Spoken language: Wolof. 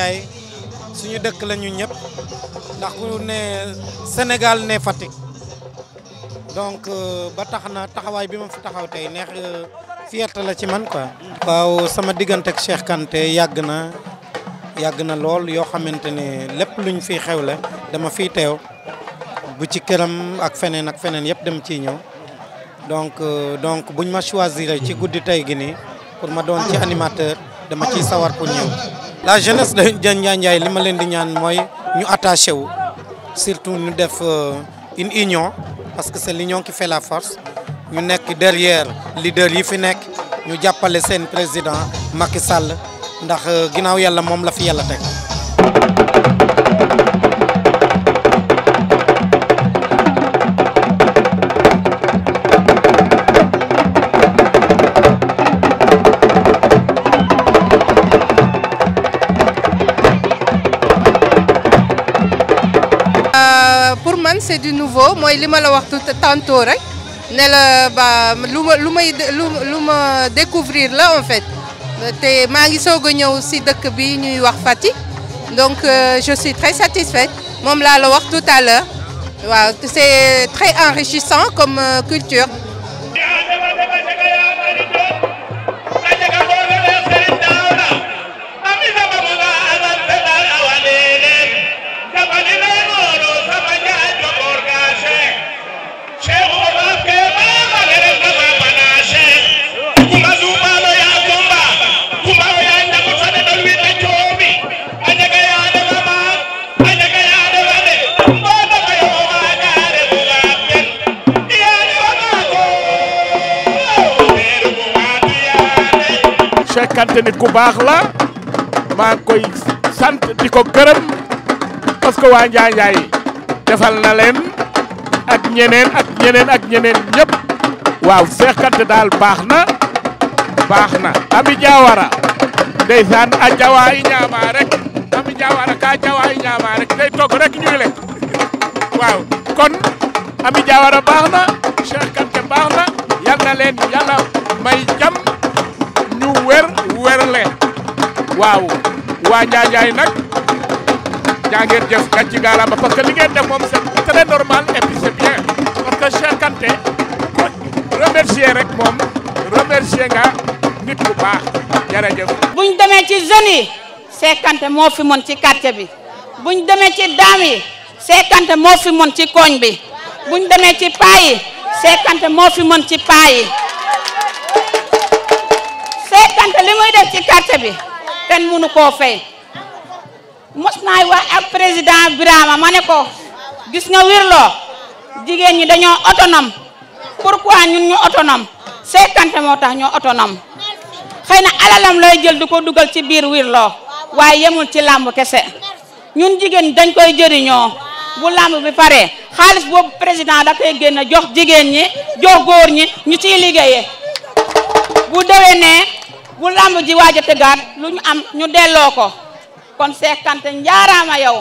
Ndiaye suñu dëkk la ñu ñëpp ndax ku ne Sénégal ne Fatick donc euh, ba tax na taxawaay bi ma fi taxaw tey neex euh, fierté la ci man quoi. waaw sama diggante ak yàgg na yàgg na lool yoo xamante ne lépp luñ fi xewle dama fiy teew bu ci këram ak feneen ak feneen yëpp dem ciy ñëw donc euh, buñ ma choisir ci guddi tey gi nii pour ma doon ci animateur. dama ciy sawar pour ñëw la jeunesse de Ndiandiaye Ndiaye li ma leen di ñaan mooy ñu attaché wu surtout ñu def euh, une union parce que c'est l'union ki fait la force ñu nekk derrière leader yi fi nekk ñu jàppale seen président Macky Sall ndax euh, ginnaaw yàlla moom la fi yàlla teg c'est du nouveau moi il ma la wax tout tantôt rek la découvrir là, en fait te maa ngi aussi de donc euh, je suis très satisfaite Moi je la wax tout à l'heure c'est très enrichissant comme euh, culture te nit ku baax la maa koy sant di ko gërëm parce que waa Njaanjaay yi defal na leen ak ñeneen ak ñeneen ak ñeneen ñëpp waaw Cheikh daal baax na baax na Ami Diawara ndeysaan a jawaa yi ñaama rek Ami Diawara ka jawaa yi ñaama rek day toog rek ñuy lekk waaw kon Ami Diawara baax na Cheikh Kanté baax na yal na leen yàlla may jam ñu wér berle waaw waa Njaajaay nag jaa ngeen jëf gàcc gaalama parce que li ngeen def moom c'est très normal et puis c'est bien parce que Cheikh Kanté remercier rek moom remercier nga nit bu baax jërëjëf. bu ñu demee ci jeunes yi moo fi mën ci quartier bi bu demee ci daam yi Cheikh moo fi mën ci koñ bi bu demee ci paa yi Cheikh moo fi mën ci paa ci quartier bi kenn mënu koo fay mos naay wax ak président Birama ma ne ko gis nga wirloo jigéen ñi dañoo autonome pourquoi ñun ñu autonome cinquante moo tax ñoo autonome xëy na alalam lay jël di ko dugal ci biir wirloo waaye yemul ci làmb kese ñun jigéen ñi dañ koy jëriñoo bu làmb bi paree xaalis boobu président da koy génn jox jigéen ñi jox góor ñi ñu ciy liggéeye bu déwee bu làmb ji waaj a tëggaat lu ñu am ñu delloo ko kon sekkante njaaraama yow